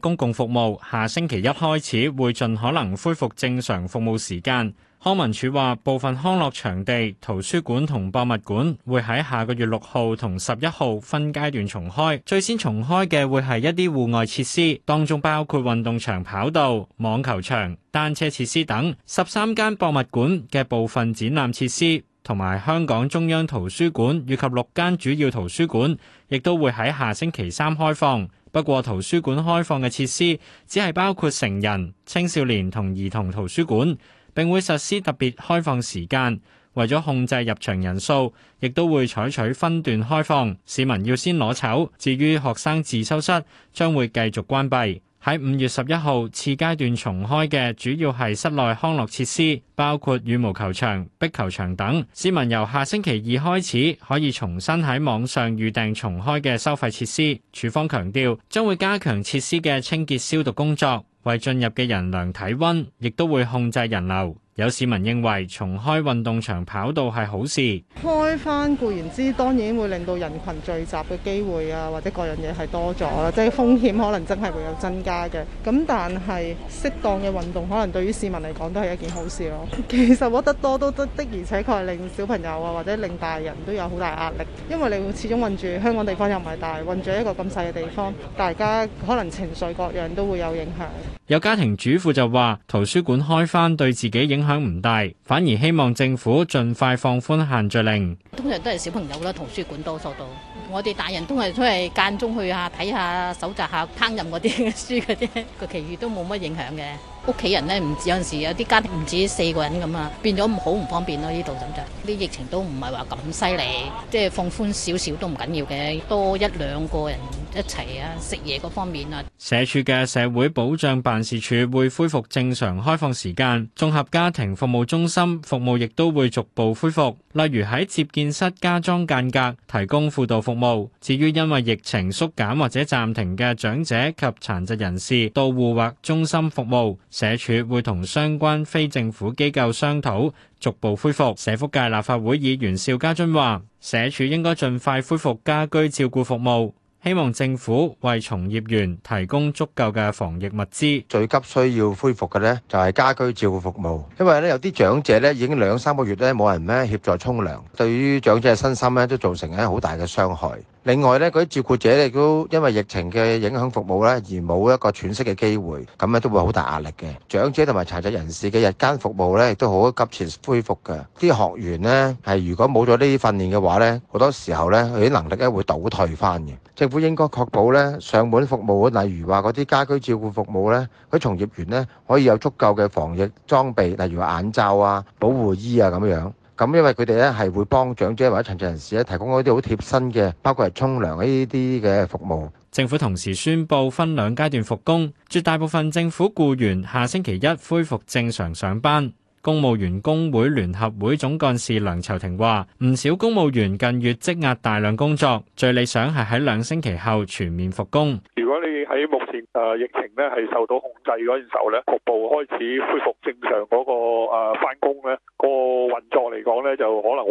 公共服務下星期一開始會盡可能恢復正常服務時間。康文署話，部分康樂場地、圖書館同博物館會喺下個月六號同十一號分階段重開。最先重開嘅會係一啲戶外設施，當中包括運動場、跑道、網球場、單車設施等。十三間博物館嘅部分展覽設施，同埋香港中央圖書館以及六間主要圖書館，亦都會喺下星期三開放。不過圖書館開放嘅設施只係包括成人、青少年同兒童圖書館，並會實施特別開放時間，為咗控制入場人數，亦都會採取分段開放。市民要先攞籌。至於學生自修室將會繼續關閉。喺五月十一號次階段重開嘅主要係室內康樂設施，包括羽毛球場、壁球場等。市民由下星期二開始可以重新喺網上預訂重開嘅收費設施。署方強調將會加強設施嘅清潔消毒工作，為進入嘅人量體溫，亦都會控制人流。有市民認為重開運動場跑道係好事。開返固然之，當然會令到人群聚集嘅機會啊，或者各樣嘢係多咗啦，即係風險可能真係會有增加嘅。咁但係適當嘅運動可能對於市民嚟講都係一件好事咯。其實我覺得多都得，的而且確係令小朋友啊，或者令大人都有好大壓力，因為你會始終困住香港地方又唔係大，困住一個咁細嘅地方，大家可能情緒各樣都會有影響。有家庭主婦就話：圖書館開翻對自己影響唔大，反而希望政府盡快放寬限聚令。通常都係小朋友咯，圖書館多數都，我哋大人都係出嚟間中去下睇下、蒐集下烹飪嗰啲書嘅啫，個其餘都冇乜影響嘅。屋企人咧，唔止有陣時有啲家庭唔止四個人咁啊，變咗好唔方便咯。呢度咁就啲疫情都唔係話咁犀利，即係放寬少少都唔緊要嘅，多一兩個人一齊啊，食嘢嗰方面啊。社署嘅社會保障辦辦事處會恢復正常開放時間，綜合家庭服務中心服務亦都會逐步恢復，例如喺接見室加裝間隔，提供輔導服務。至於因為疫情縮減或者暫停嘅長者及殘疾人士到戶或中心服務，社署會同相關非政府機構商討逐步恢復。社福界立法會議員邵家臻話，社署應該盡快恢復家居照顧服務。希望政府為從業員提供足夠嘅防疫物資。最急需要恢復嘅呢，就係家居照顧服務，因為咧有啲長者咧已經兩三個月咧冇人咧協助沖涼，對於長者嘅身心咧都造成咧好大嘅傷害。另外咧，啲照顧者亦都因為疫情嘅影響服務咧，而冇一個喘息嘅機會，咁咧都會好大壓力嘅。長者同埋殘疾人士嘅日間服務咧，亦都好急切恢復嘅。啲學員咧係如果冇咗呢啲訓練嘅話咧，好多時候咧佢啲能力咧會倒退翻嘅。政府應該確保咧上門服務，例如話嗰啲家居照顧服務咧，佢啲從業員咧可以有足夠嘅防疫裝備，例如話眼罩啊、保護衣啊咁樣。咁因為佢哋咧係會幫長者或者殘疾人士咧提供嗰啲好貼身嘅，包括係沖涼呢啲嘅服務。政府同時宣布分兩階段復工，絕大部分政府雇員下星期一恢復正常上班。公務員工會聯合會總幹事梁籌庭話：唔少公務員近月積壓大量工作，最理想係喺兩星期後全面復工。如果你喺目前誒疫情咧係受到控制嗰陣時候咧，逐步開始恢復正常嗰個。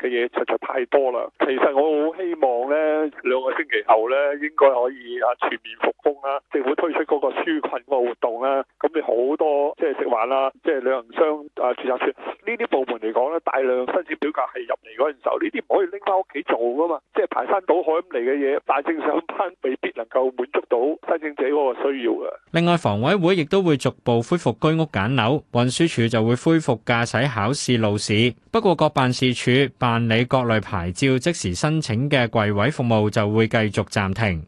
嘅嘢實在太多啦。其實我好希望咧，兩個星期後咧應該可以啊全面復工啦。政府推出嗰個紓困個活動啦，咁你好多即係食環啦，即係旅行社啊、註冊處呢啲部門嚟講咧，大量申請表格係入嚟嗰陣時候，呢啲唔可以拎翻屋企做噶嘛。即係排山倒海咁嚟嘅嘢，大正上班未必能夠滿足到申請者嗰個需要嘅。另外，房委會亦都會逐步恢復居屋揀樓，運輸署就會恢復駕駛考試路試。不過，各辦事處辦理各類牌照即時申請嘅櫃位服務就會繼續暫停。